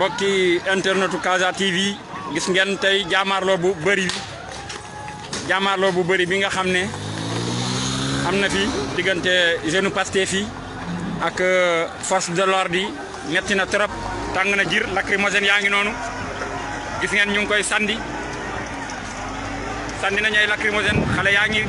mbokki internetu Casa TV gis ngeen tey jaamaarloo bu bëri bu bëri bi nga xam ne am na fi diggante jeune Pastef fi ak euh, force de l'ordre yi metti na trop tàng na jir lacrymogène yaa ngi noonu gis ngeen ñu ngi koy sandi sandi nañu ay lacrymogène xale yaa ngi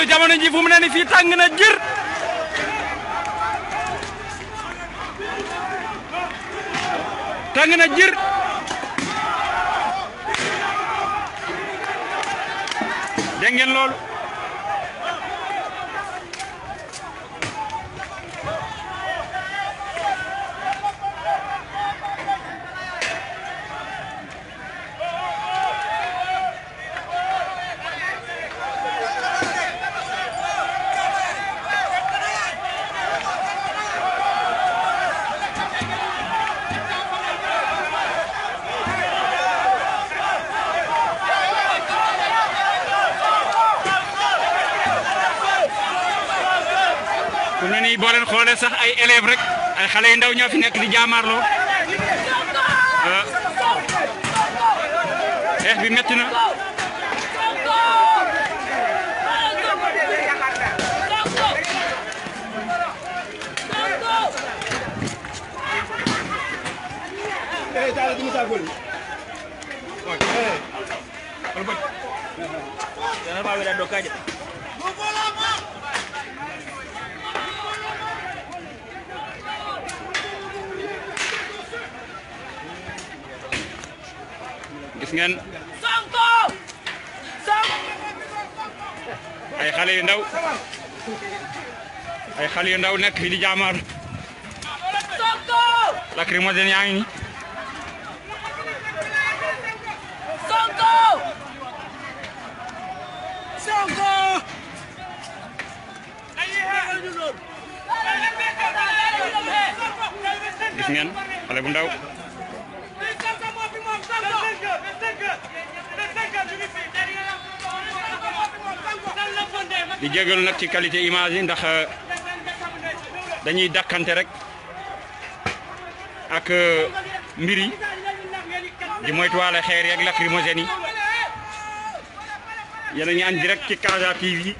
loolu jamono ji fu mu ne ni fii tàng na jër tàng na jër dégg ngeen loolu ay xalé yu ndaw ñoo fi di jaamaarloo eh bi metti na Jangan lupa beda doka aja. Sangko, sang, ay xale yu ndaw ay xale yu ndaw nekk fi di jaamaar lacrymogène yaa ngi Sonko Sonko gis ngeen xale bu ndaw di jégalu nak ci qualité image yi ndax euh, dañuy dakanté rek ak euh, mbir yi di moytuwaale xeer yeeg lacrymogène yi yéen a ngi direct ci Casa TV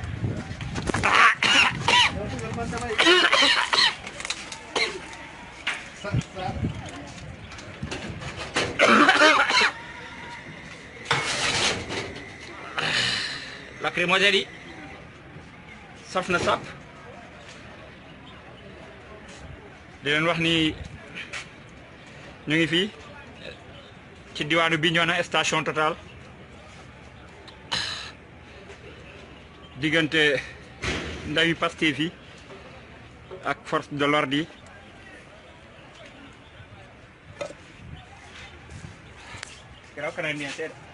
lacrymogène yi safna na di len wax ni ñu ngi fi ci bi ñona station Total diggante ndawi Pastef fi ak force de l'ordre di creo que no mi entero.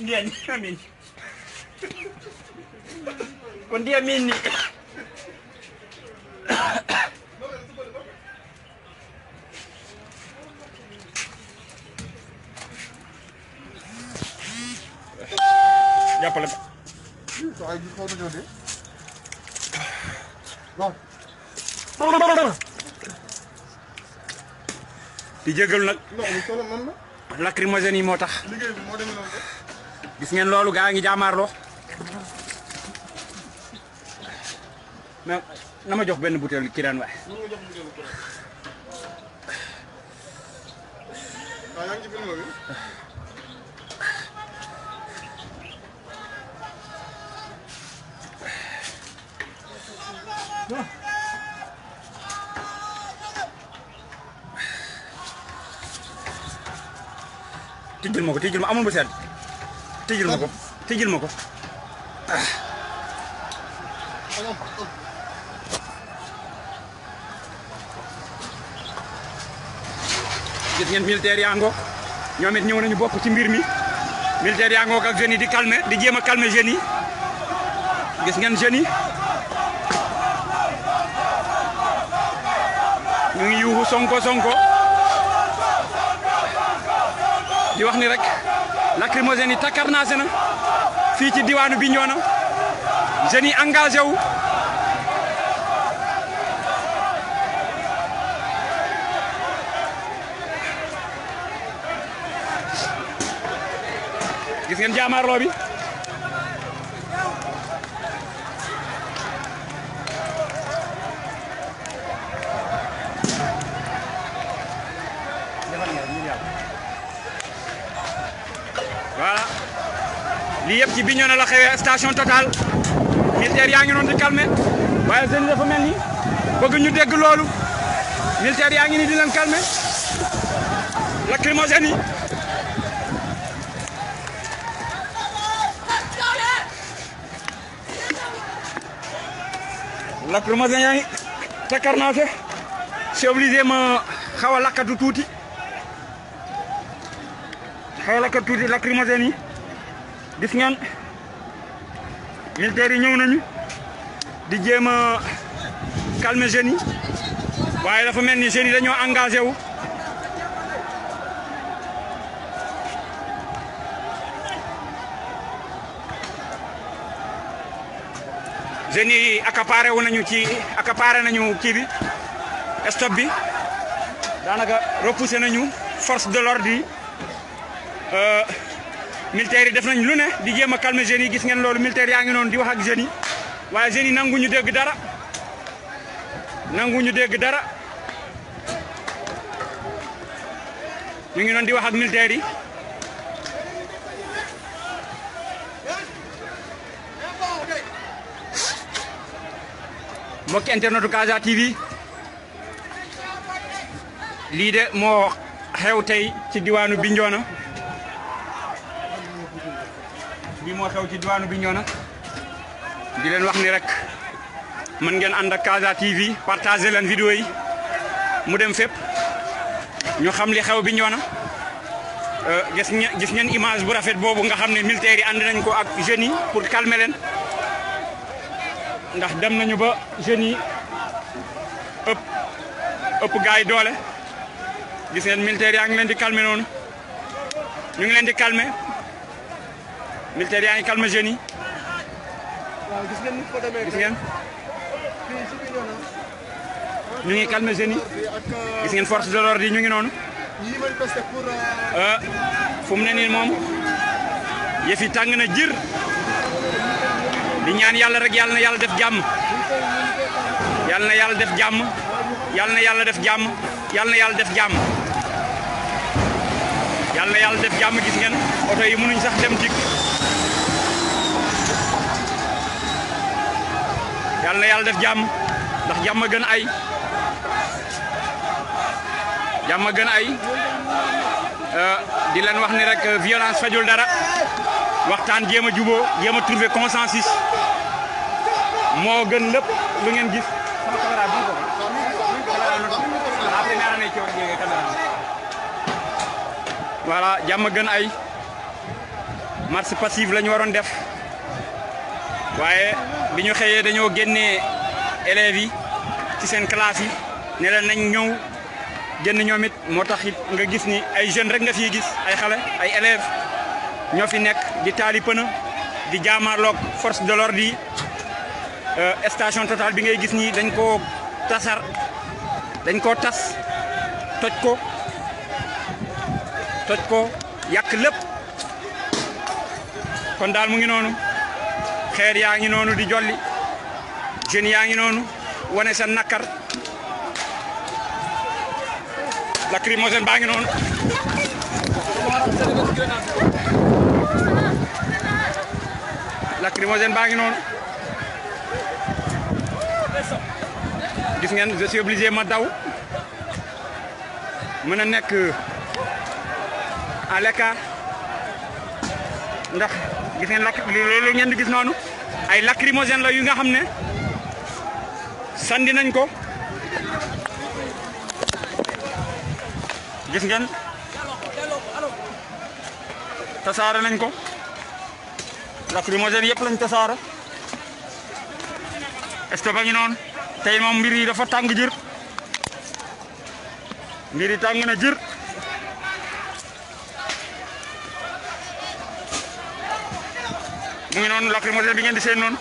ndiya ndiya mini ko ndiya minni di jégalu nag lacrymogène yi moo tax gis ngeen loolu gaa ngi jaamaarloo mais na ma jox benn butéel kiraan waaye tijil moko tijil tijjil amul bu sedd tijil moko tijil moko gis ngeen militaire yango ñomit ñew nañu bokku ci mbir mi militaire yango ak jeunes di calmer di jema calmer jeunes yi gis ngeen jeunes yi ñu ngi yuuxu sonko sonko di wax ni rek lacrymogène yi takkarnaase na fii ci diwaanu Bignona jeunes yi engagé wu gis ngeen jaamaarloo bi voilà lii yëpp ci Bignona la xewee station Total militaire yaa ngi noonu di calmer waaye jeunes dafa mel ni bëgg ñu dégg loolu militaire yaa ngi ni di leen calmer lacrymogène yi lacrymogène yaa ngi takkar naa c'est lakkatu tuuti xeela ka tuuti lacrymogène yi gis ngeen militaire yi ñëw nañu di jéem a calmer jeune yi waaye dafa mel ni jeunes yi dañoo engagé wu jeune yi accaparé wu nañu ci accaparé nañu kii bi stop bi daanaka repousser nañu force de l'ordre yi Euh, militaires yi def nañ lu ne di jéem a calmer jeunes yi gis ngeen loolu militaires yaa ngi noonu di wax ak jeunes yi waaye jeunes yi ñu dégg dara nanguñu dégg dara ñu ngi noonu di wax ak militaires yi. mbokki internetu Casa TV lii de moo xew tey ci diwaanu Bignona. moo xew ci diwaanu bi ñoo na di leen wax ni rek mën ngeen ànd ak Casa TV partagé leen vidéo yi mu dem fépp ñu xam li xew bi ñoo na euh, gis ngeen gis ngeen image bu rafet boobu nga xam ne militaire yi ànd nañ ko ak jeunes yi pour calmer leen ndax dem nañu ba jeunes yi ëpp ëpp gars yi doole gis ngeen militaire yaa ngi leen di calmer noonu ñu ngi leen di calmer. militaire yaa ngi calme jeunes yi. gis ngeen ni ko demee gis ngeen. ñu ngi calme jeunes gis ngeen force de l'ordre ñu ngi noon ñi manifester euh, euh, ne ni moom yëf yi tàng na jir di ñaan yàlla rek yàlla na yàlla def jàmm. yàlla na yàlla def jàmm yàlla na yàlla def jàmm yàlla na yàlla def jàmm yàlla na yàlla def jàmm gis ngeen oto yi mënuñ sax dem dikk. yalla yalla def jam ndax jàmm gën ay jàmm gën ay euh, di len wax ni rek euh, violence fajul dara waxtan jema djubo jema trouver consensus mo gën lepp lu ngeen gis sama camera bi ko voilà jàmm gën ay marche passive la def waaye bi ñu xëyee dañoo génne élèves yi ci seen classe yi ne leen nañ ñëw génn ñoom it moo tax it nga gis ni ay jeunes rek nga fiy gis ay xale ay élèves ñoo fi nekk di taali pëna di jaamaarloog force de l'ordre yi euh, station Total bi ngay gis nii dañ koo tasar dañ koo tas toj ko toj ko yàq lépp kon daal mu ngi noonu xeer yaangi ngi noonu di jolli jeunes yaangi noonu wane nakar lacrymogène baa ngi noonu lacrymogène baa ngi noonu gis ngeen je suis obligé ma daw mën a nekk à l'écart ndax gis ngeen lakk loolu ngeen di gis noonu ay lacrymogène la yu nga xamné sandi nañ ko gis ngeen tassara nañ ko lacrymogène yépp lañ tassara est-ce bañu non tay mom mbiri dafa tang jir mbiri tang na jir mu ngi noonu bi ngeen di seen noonu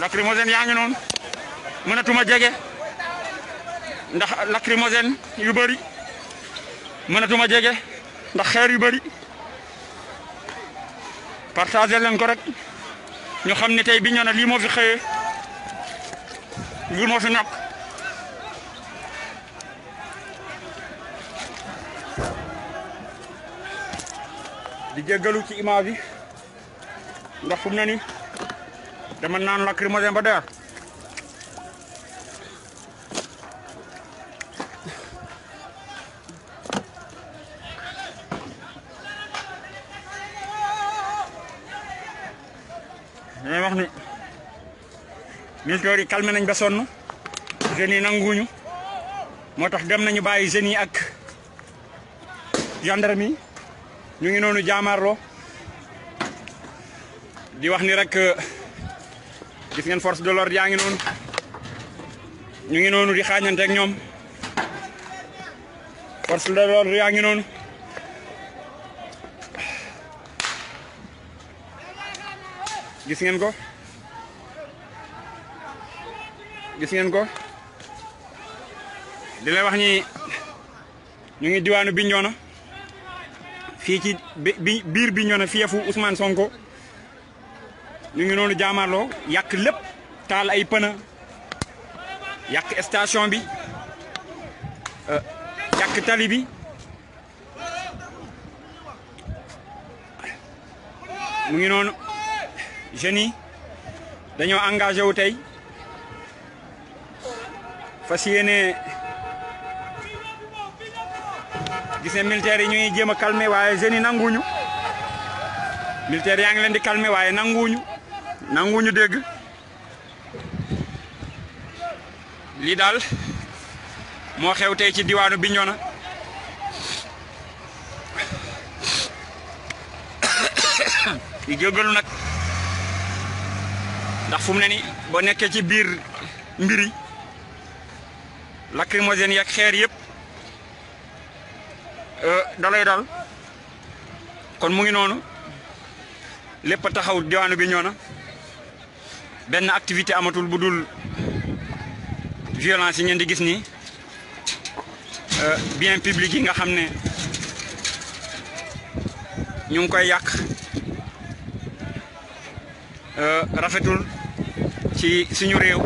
lacrymogène yaa ngi noonu mënatuma jege ndax lacrymogène yu bari bëri mënatuma jege ndax xeer yu bëri partagé leen ko rek ñu xam ne tey bi ñoo ne lii moo fi xëyee lii fi ñàkk di jéggalu ci image yi ndax fu mu ne ni dama naan lacrymogène ba deer ñooy wax ni militaires yi calmé nañ ba sonu jeunes yi nanguñu motax dem nañu bayyi jeunes yi ak gendarme ñu ngi noonu jaamaarloo di wax ni rek euh, gis ngeen force de l'ordre yaa ngi noonu ñu ngi noonu di xaañante ñoom force de l'ordre yaa ngi noonu gis ngeen ko gis ngeen ko di lay wax ni ñu ngi diwaanu Bignona fii ci bi biir bi ñoo ne fiefu Ousmane Sonko ñu ngi noonu jaamarloo yàq lépp taal ay pëna yàq station bi euh, yàq tali bi mu ngi noonu jeunes yi dañoo engagé wu tey fas yéene gis ne militaire yi ñuy jéem calmer waye jeunes yi nanguwuñu militaire yaa ngi leen di calmer waye nanguñu nanguñu dégg li dal mo xew tay ci diwanu biñona di jégalu nak ndax fu ne ni bo nekké ci bir mbiri lacrymogène yak xeer yépp Eh, da lay dal kon mu ngi noonu lépp a taxaw diwaanu bi ñoo na benn activité amatul bu dul violence yi ngeen di gis nii eh, bien public yi nga xam ne ñu ngi koy yàq eh, rafetul ci suñu réew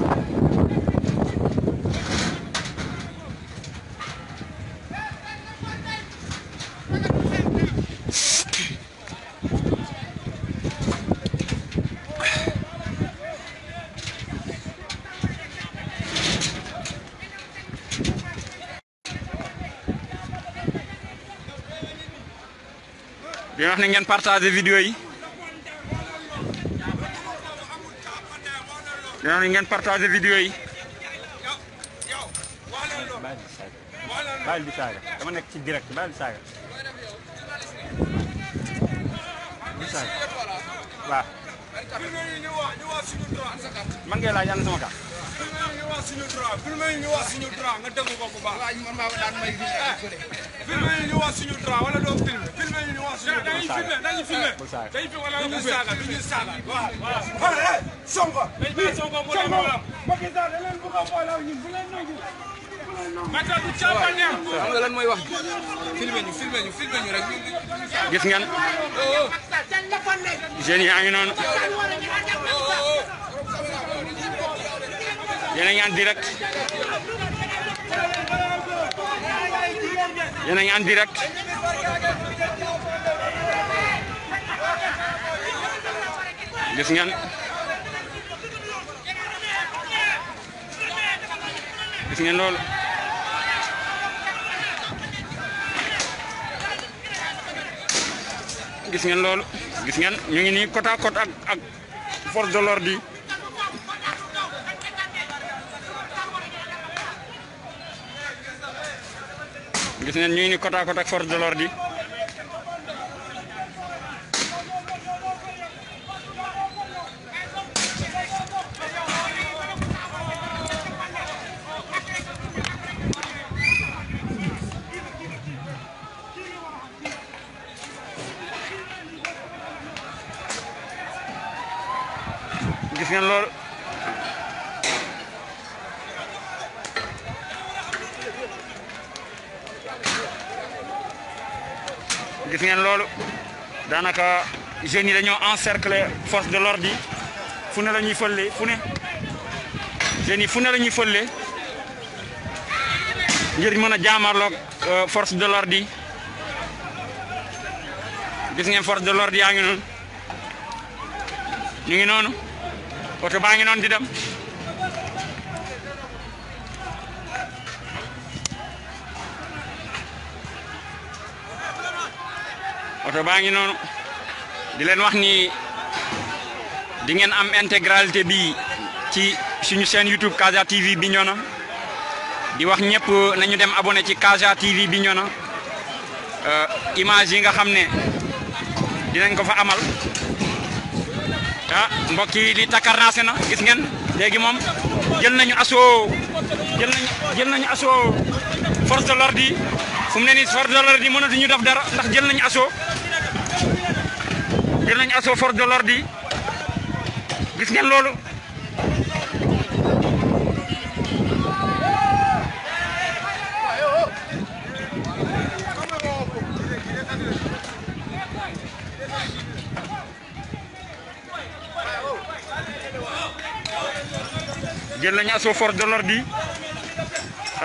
di wax ne ngeen partager vidéo yi di wax ne ngeen partager vidéo yi. bàyyil di saaga dama nekk ci direct bàyyil di saaga di saaga waaw man ngay laaj ànd sama kàddu may ñu wax suñu droit bu may ñu wax suñu droit nga déglu ko bu baax. waaw man maa ko daan may bi filmé ñu wax suñu droit wala doo filmé filmé ñu wax suñu droit dañuy filmé dañuy filmé dañuy filmé wala ñu saaga du ñu saaga waaw waaw Sonko Sonko mo leen wala Macky Sall da leen bëgg a boolaaw ñun bu leen nangu Macky du caaxaan neex xam nga lan mooy wax filmé ñu filmé ñu filmé ñu rek gis ngeen jeunes yi a ngi noonu yéen a ngi direct yéen a direct gis ngeen gis ngeen loolu gis ngeen loolu gis ngeen ñu ngi nii côte à côte ak ak de l'ordre gis ngeen ñuy ni côte à côte ak force de l'ordre yi jeunes yi dañoo encercler force de l'ordre yi fu ne la ñuy fële fu ne jeunes yi fu ne la ñuy fële ngir mën a jaamarloog euh, force de l'ordre yi gis ngeen force de l'ordre yaa ngi ñu ngi noonu oto baa ngi noonu di dem oto baa ngi di len wax ni di ngeen am intégralité bi ci suñu chaîne youtube Casa TV Bignona di wax ñepp nañu dem abonné ci Casa TV Bignona euh, image yi nga xamné di nañ ko fa amal ta mbokk yi li takarnaase na gis ngeen légui mom jël nañu asso jël nañu jël nañu asso force de l'ordre yi fu mu ne ni force de l'ordre mëna ñu def dara ndax jël nañu asso dinañ assaut force de l'ordre yi gis ngeen lolu jël nañ asso for de l'ordre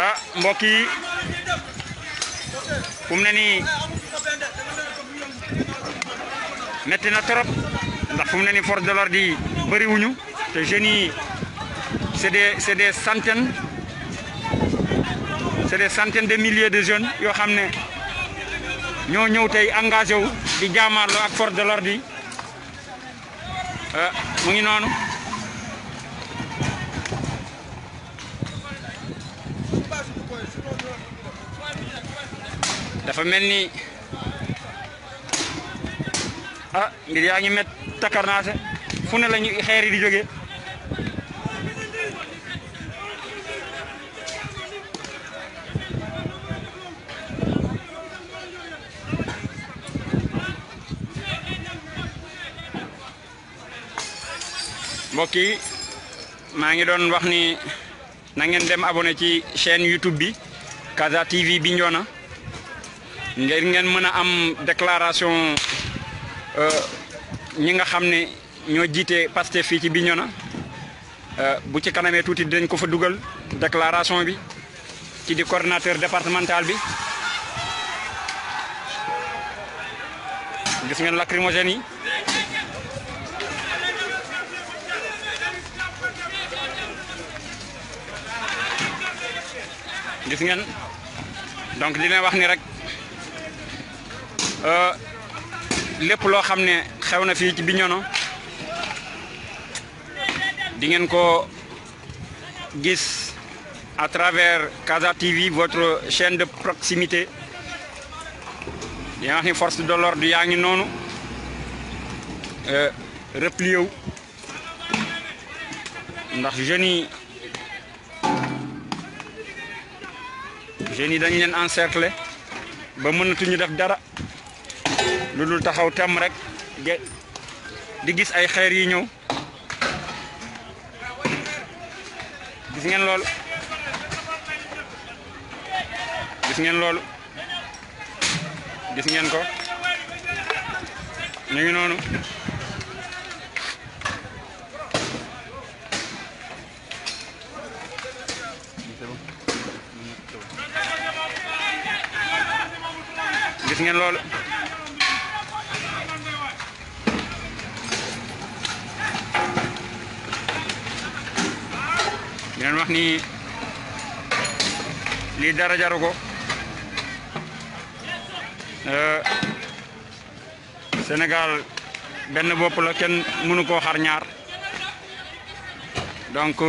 ah mbokki yi ne ni metti na trop ndax fu mu ne nii force de l'ordre yi bëri wuñu te jeunes yi c'est des c'est des centaines c'est des centaines de milliers de jeunes yoo xam ne ñoo ñëw tey engagé wu di jaamaarloo ak force de l'ordre yi euh, mu ngi noonu dafa mel ni ah mbir yaa ngi met takkarnaase fu ne la xeer yi di jógee mbokk yi maa ngi doon wax ni na ngeen dem abone ci chaîne YouTube bi Casa TV bi Bignona ngeen mën a am déclaration Euh, ñi nga xam ne ñoo jiite Pastef fii ci euh bu ci kanamee touti dañ ko fa duggal déclaration bi ci di coordinateur départemental bi gis ngeen lacrymogène yi gis ngeen donc li wax ni rek euh, lepp lo xamné xewna fi ci biñono di ngeen ko gis à travers Casa TV votre chaîne de proximité ya nga wax force de l'ordre du ngi nonu euh wu ndax jeunes yi jeunes yi dañ leen encercler ba mënatuñu def dara lulul taxaw tam rek di gis ay xeer yi ñew gis ngeen lool gis ngeen lool gis ngeen ko ñu ngi noonu gis ngeen loolu ni lii dara jaru ko euh, Sénégal benn bopp la kenn mënu koo xar ñaar donc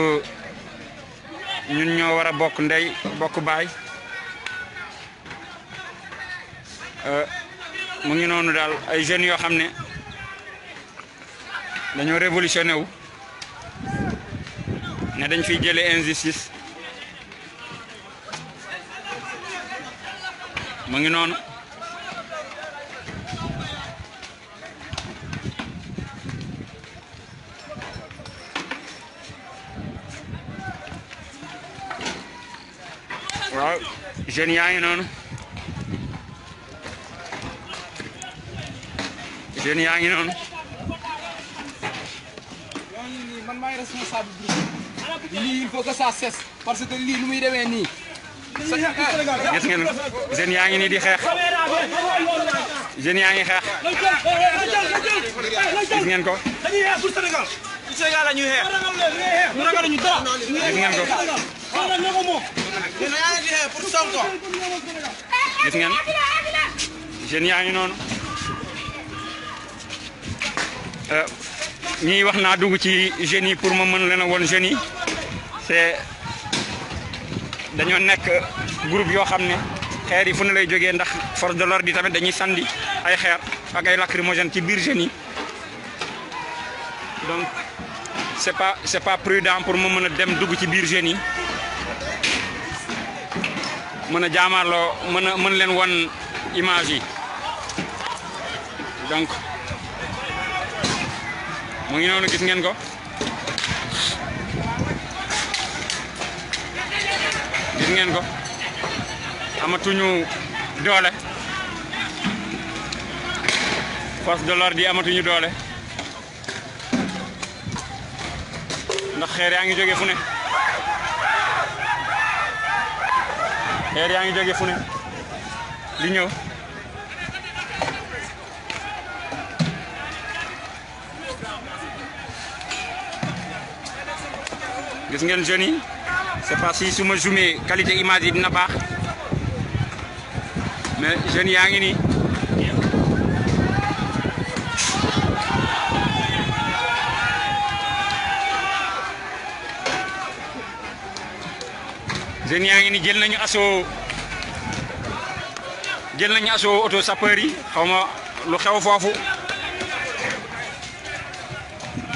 ñun ñoo war a bokk ndey bokk baay euh, mu ngi noonu daal ay jeunes yoo xam ne dañoo révolutionné wu. ne dañ fiy jëlee injustice mu ngi noonu waaw jeunes yaa ngi noonu jeunes yaa ngi lii il faut que ça cesse parce que eh, yaa ngi nii di xeex jeunes yaa ngi xeex gis ngeen ko. Sénégal xeex. ñu ngeen ko. gis ngeen yaa ngi noonu. Euh, ñii wax naa dugg ci jeunes yi pour ma mën leen a woon jeunes yi. c'est dañoo nekk groupe yoo xam ne xeer yi fu ne lay jógee ndax force de l'ordre yi tamit dañuy sandi ay xeer ak ay lacrymogène ci biir jeunes yi donc c'est pas c'est pas prudent pour mu mën dem dugg ci biir jeunes yi mën a jaamaarloo mën won image yi donc mu ngi noonu gis ngeen ko ngeen ko amatuñu doole force dollar di yi amatuñu doole ndax xeer yaa ngi jóge fu ne xeer yaa ngi jóge fu ne di ñëw gis ngeen jeunes yi c'est pas si su ma zoomé qualité image yi dina baax mais jeunes yaa ngi nii jeunes yaa ngi ni jël nañu asoo jël nañu asoo auto sapeur yi xaw lu xew foofu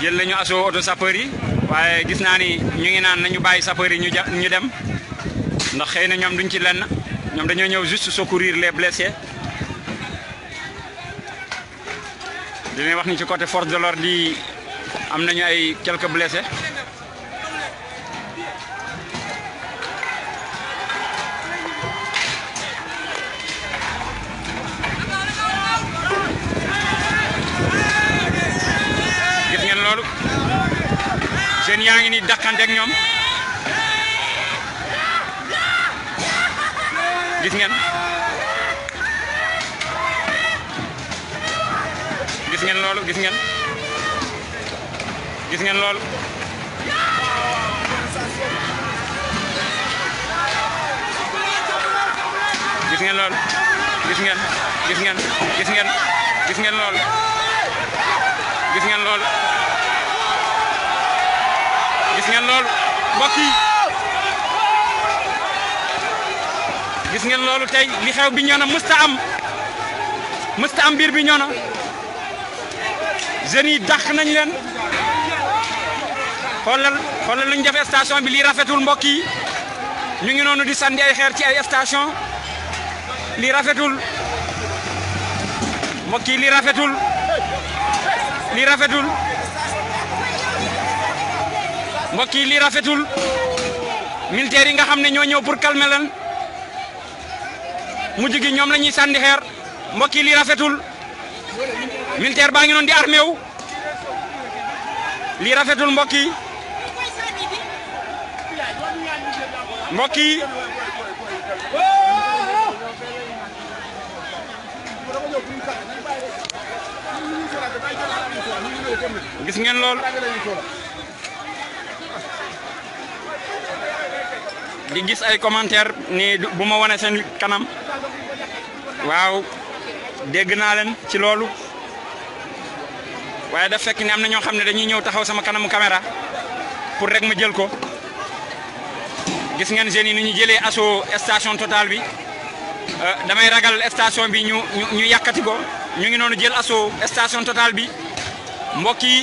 jël nañu asoo auto sapeur waaye gis naa ni ñu ngi naan nañu bàyyi sapeur yi ñu ja ñu dem ndax xëy na ñoom duñ ci lenn ñoom dañoo ñëw juste secourir les blessés dinañ wax ni ci côté force de l'ordre yi am nañu ay quelques blessés kon yaangi ni dakante ak ñom gis ngeen gis ngeen lolu gis ngeen gis ngeen lolu gis ngeen lolu gis ngeen gis ngeen gis ngeen gis ngeen lolu gis ngeen lolu gis ngeen loolu mbokk yi gis ngeen loolu tey li xew bi ñoo na mësta am mësta am biir bi ñoo na jeunes yi dàq nañ leen xoolal xoolal lañ def station bi lii rafetul mbokk yi ñu ngi noonu di sandi ay xeer ci ay station lii rafetul mbokk yi lii rafetul lii rafetul mbokk yi lii rafetul militaire yi nga xamne ñoo ñew pour calmer lan mu jigi ñom lañuy sandi sànni xeer mbokk yi rafetul militaire ngi di armew li rafetul mbokk yi gis ngeen lool di gis ay commentaire ni bu ma wane seen kanam waaw dégg naa leen ci loolu waaye daf fekk ni am na ñoo xam ne dañuy ñëw taxaw sama kanamu caméra pour rek ma jël ko gis ngeen jeunes yi ni ñu jëlee assaut station Total bi euh, damay ragal station bi ñu ñu yàkkati ko ñu ngi noonu jël assaut station Total bi mbokk yi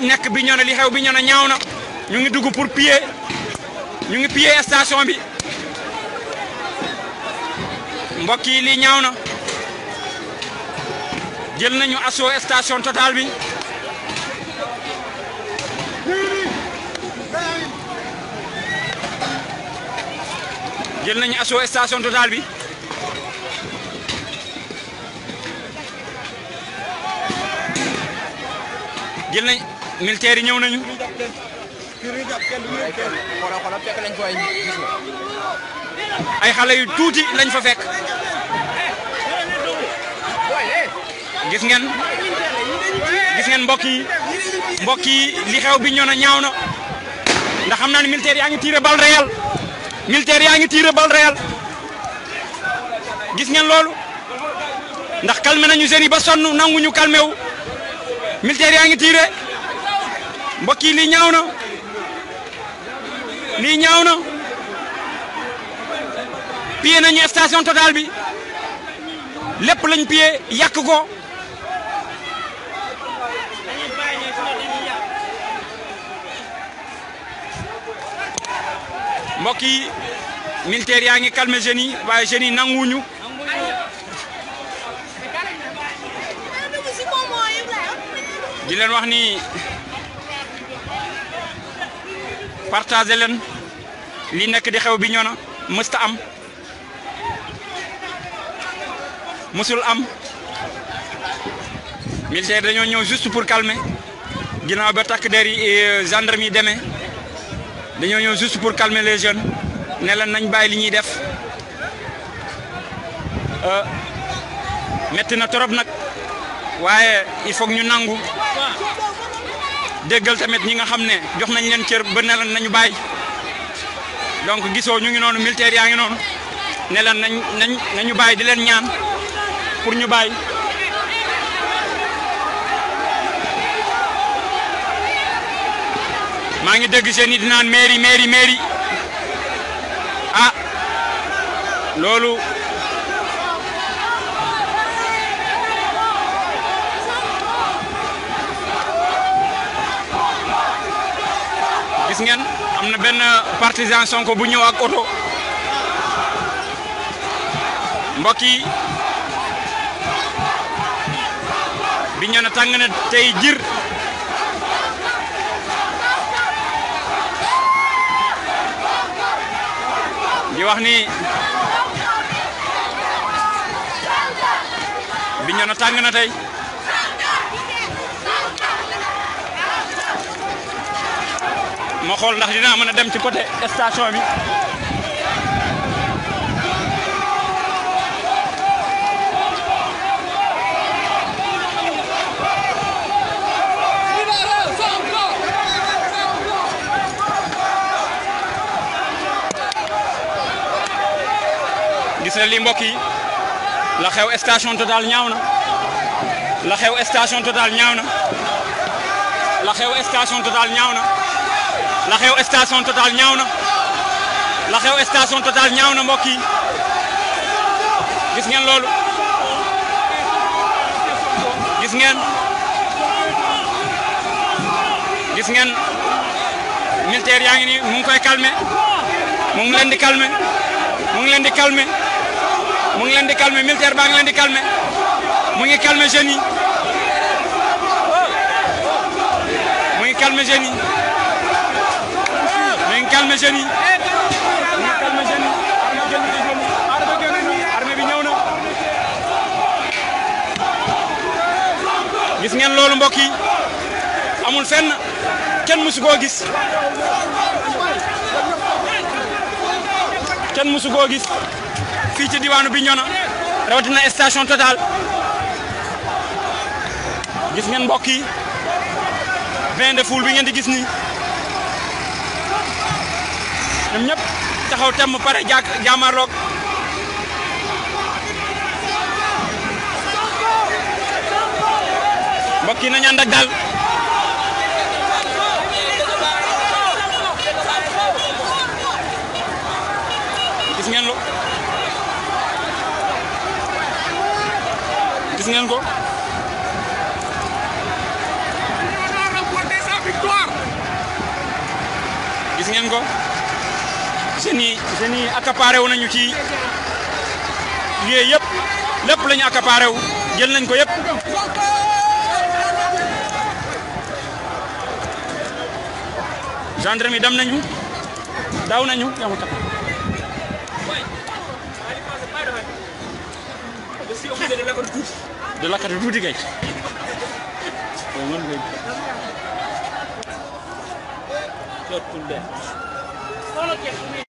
nekk bi ñoo ne li xew bi ñoo ne ñaaw na ñu ngi dugg pour piller. ñu ngi pillé station bi mbokk yi lii ñaaw na jël nañu assaut station Total bi jël nañu assaut station Total bi jël nañ militaire yi ñëw nañu kii bi ko ay xale yu tuuti lañ fa fekk. gis ngeen gis ngeen mbokk yi mbokk yi li xew bi ñoo na ñaaw na ndax xam naa ne militaire yaa ngi tiire bal réel militaire yaa ngi tiire bal réel gis ngeen loolu ndax calmé nañu jeunes yi ba sonn nanguñu calmé wu militaire yaa ngi tiire mbokk yi lii ñaaw lii ñaaw na pillé nañu station Total bi lépp lañ pillé yàq ko mbokk yi militaire yaa ngi calmer jeunes yi waaye jeunes yi nanguwuñu di wax ni partagé leen li nekk di xew bi ñoo na mësta am mësul am militaire dañoo ñëw juste pour calmer ginnaaw ba takk der yi euh, gendarme yi demee dañoo ñëw juste pour calmer les jeunes ne leen nañ baay li ñuy def euh, metti na torop nag waaye il faut ñu nangu déggal tamit ñi nga xam ne jox nañ leen cër ba ne lan nañu bàyyi donc gisoo ñu ngi noonu militaire yaa ngi noonu ne lan nañ nañ nañu bàyyi di leen ñaan pour ñu bàyyi. maa ngi dégg seen i dinaan mairie mairie mairie ah loolu. gis ngeen am na benn partisan Sonko bu ñëw ak oto mbokk yi bi ñu ne tàng na tey jir di wax ni bi ñu ne tàng na tey. ma xool ndax dinaa mën a dem ci côté station bi gis na li mbokk yi la xew station Total ñaaw na la xew station Total ñaaw na la xew station Total ñaaw na la xew station Total ñaaw na la xew station Total ñaaw na mbokk yi gis ngeen loolu gis ngeen gis ngeen militaire yaa ngi nii mu ngi koy calmer mu ngi leen di calmer mu ngi leen di calmer mu ngi leen di calmer militaire baa ngi leen di calmer mu ngi calmer jeunes yi mu ngi calmer yi. calmer jeunes yi bi ñëw na gis ngeen loolu mbokk yi amul fenn kenn mësu koo gis kenn mësu koo gis fii ci diwaanu Bignona rawatina station Total gis ngeen mbokk yi bain de foule bi ngeen di gis nii ñoom ñëpp taxaw temm pare jàkk jàmmarloog mbokk lo gis ngeen ko gis seni seni akapare yi accaparé wu nañu ci lieu yëpp lépp lañu akapare wu jël nañ ko yëpp gendarme dam nañu daw nañu yamu tak de la carte lakkati tuuti kay Thank you.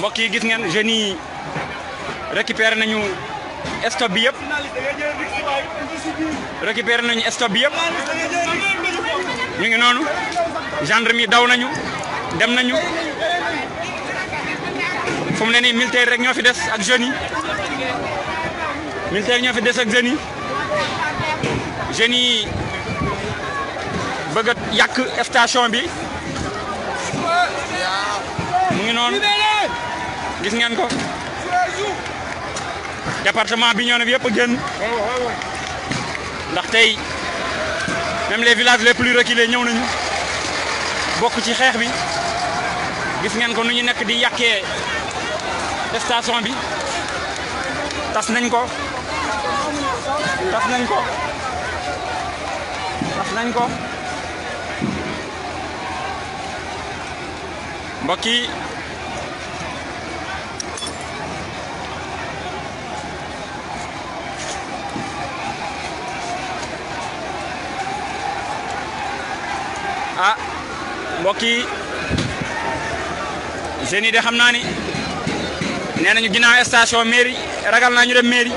mbokk yi gis ngeen jeunes yi récupéré nañu stock bi yëpp récupéré nañu stock bi yëpp ñu ngi noonu gendarme mi daw nañu dem nañu fu mu ne nii militaire rek ñoo fi des ak jeunes yi militaire ñoo fi des ak jeunes yi jeunes yi bëgg station bi mu ngi noonu gis ngeen ko département bi ñoo ne yëpp a génn ndax tey même les villages les plus reculés ñëw nañu bokk ci xeex bi gis ngeen ko nu ñu nekk di yàqee station bi tas nañ ko tas nañ ko tas nañ ko mbokk ah mbokki Jeni de xamna ni nenañu ginaaw station mairie ragal nañu dem mairie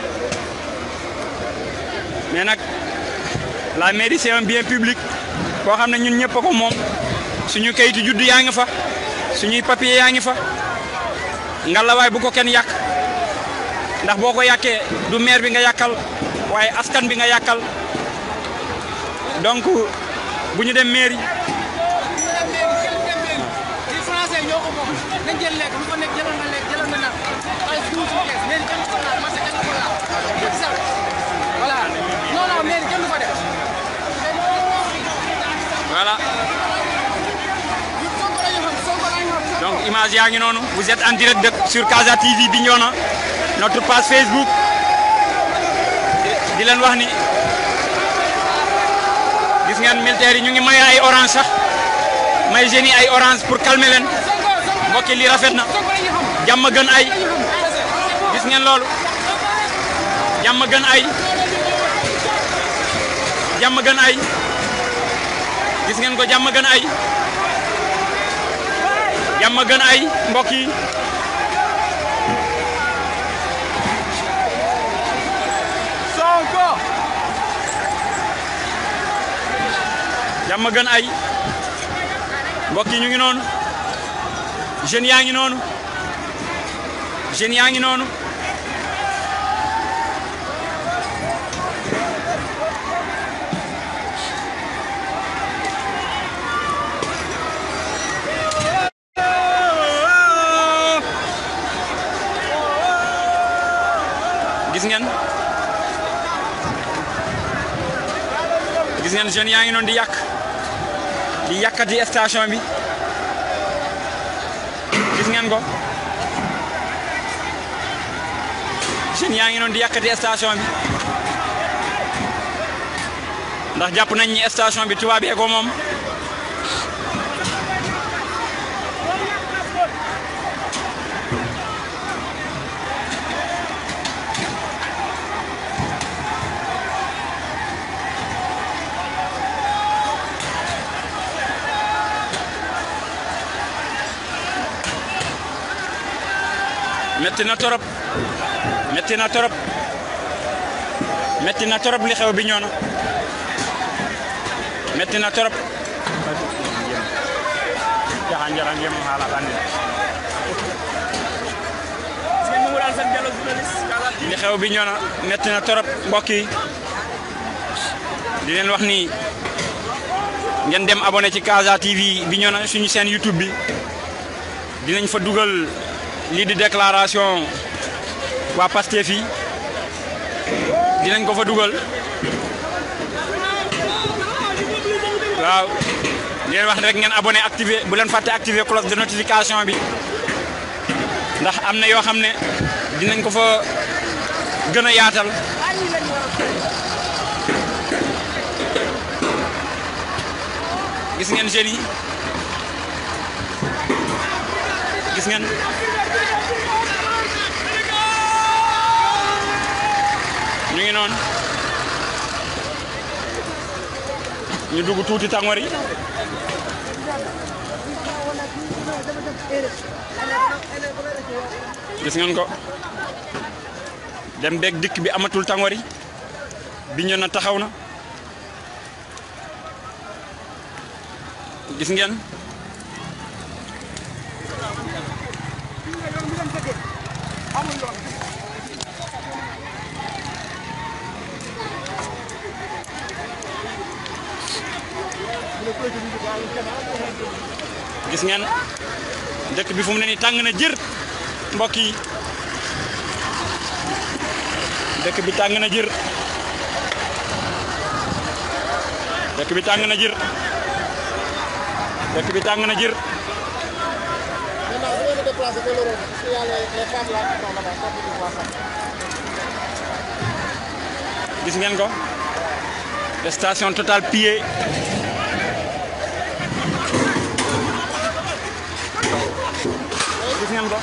mais nak la mairie c'est un bien public ko xamne ñun ñepp ko mom suñu kayitu judd yaangi fa suñu papier yaa ngi fa ngalawaay bu ko ken yak ndax boko yaké du maire bi nga yakal waye askan bi nga yakal donc buñu dem mairie image yaa ngi noonu vous êtes en direct de sur Casa TV Bignona notre page Facebook di leen wax ni gis ngeen militaires yi ñu ngi may ay orange sax may jeunes yi ay orange pour calmer leen mbokk yi lii rafet na jàmm gën ay gis ngeen loolu jàmm gën ay jàmm gën ay gis ngeen ko jàmm gën ay. jàmm gën ay mbokk yi Sonko jàmm gën ay mbokk yi ñu ngi noonu jeunes yaa ngi noonu jeunes yaa ngi noonu neen jeunes yaa ngi noonu di yàq di yàkkati station bi gis ngeen ko jeunes yaa ngi noonu di yàkkati station bi ndax jàpp nañ ni bi tubaab yee ko moom. metti na torop metti na torop metti na torop li xew bi ñono metti na torop jaxan jaxan yem xala ban li xew bi ñono metti na torop mbokk yi di len wax ni ngeen dem abonné ci Kaza TV bi ñono suñu chaîne YouTube bi dinañ fa duggal li di déclaration pasté fi di nañ ko fa google, waaw di wax rek ngeen abonné activer bu len faté activer cloche de notification bi ndax amna yo xamné di nañ ko fa gëna a yaatal gis ngeen jeunes yi gis ngeen ñaan ñu dugg tuuti tàngoor yi gis ngeen ko dem beeg dik bi amatul tàngoor yi bi ñu na taxaw na gis ngeen amul yoon gis ngeen dekk bi fu mu ne nii tàng na jër mbokk yi dekk bi tàng na jër dekk bi tàng na jër dekk bi tàng na jër. gis ngeen ko station Total pillée. ngeen ko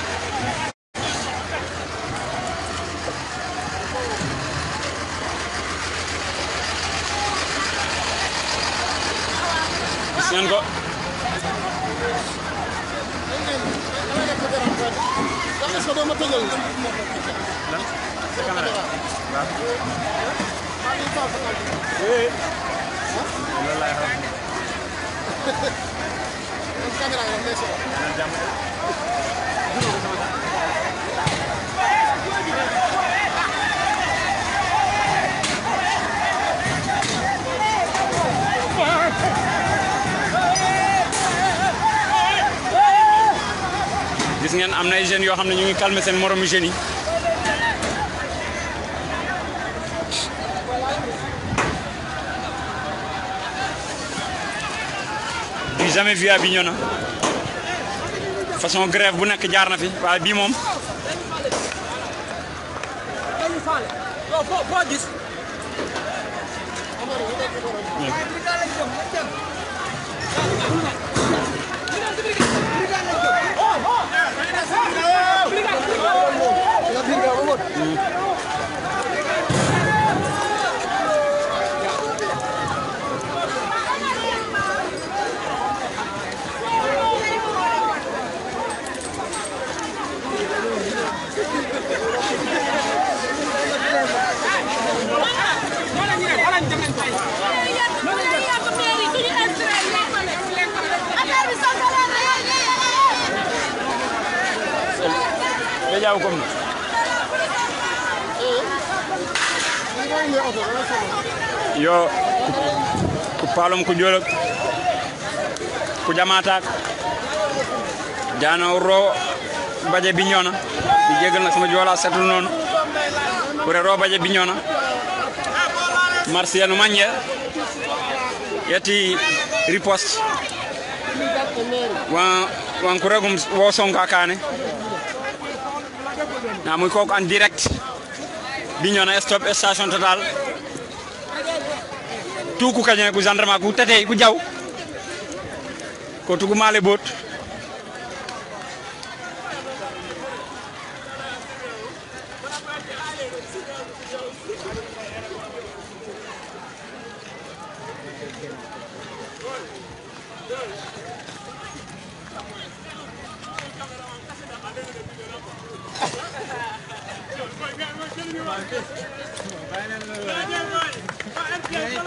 gis ngeen ko Gracias. gis ngeen am na ay jeunes yoo xam ne ñu ngi calmer seen moromu jeunes yi. du jamais vu à Bignona façon grève bu nekk jaar na fi waaye bii moom. boo gis. falum ku njolok ku jamatak jana ro baje biñona di jegal nak sama jola setul non ku ro baje biñona marsiano manya yati riposte wan wan kuragum wo ka kane na muy kok en direct biñona stop station total tu ku kañane ku gendarme ku tete ku jaw ko male bot Thank you.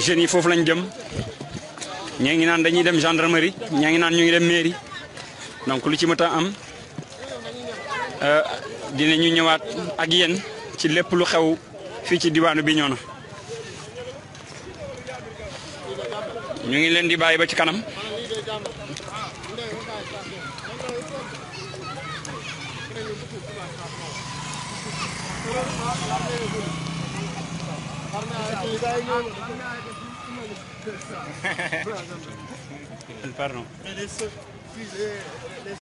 jeunes yi foofu lañ dem ñee nan dañuy dem gendarmerie ñee nan naan ñu ngi dem mairie donc lu ci mën a am euh, dinañu ñëwaat ak yeen ci lepp lu xew fi ci diwanu bi ñono ñu ngi leen di bayyi ba ci kanam saya ingin... Pardon.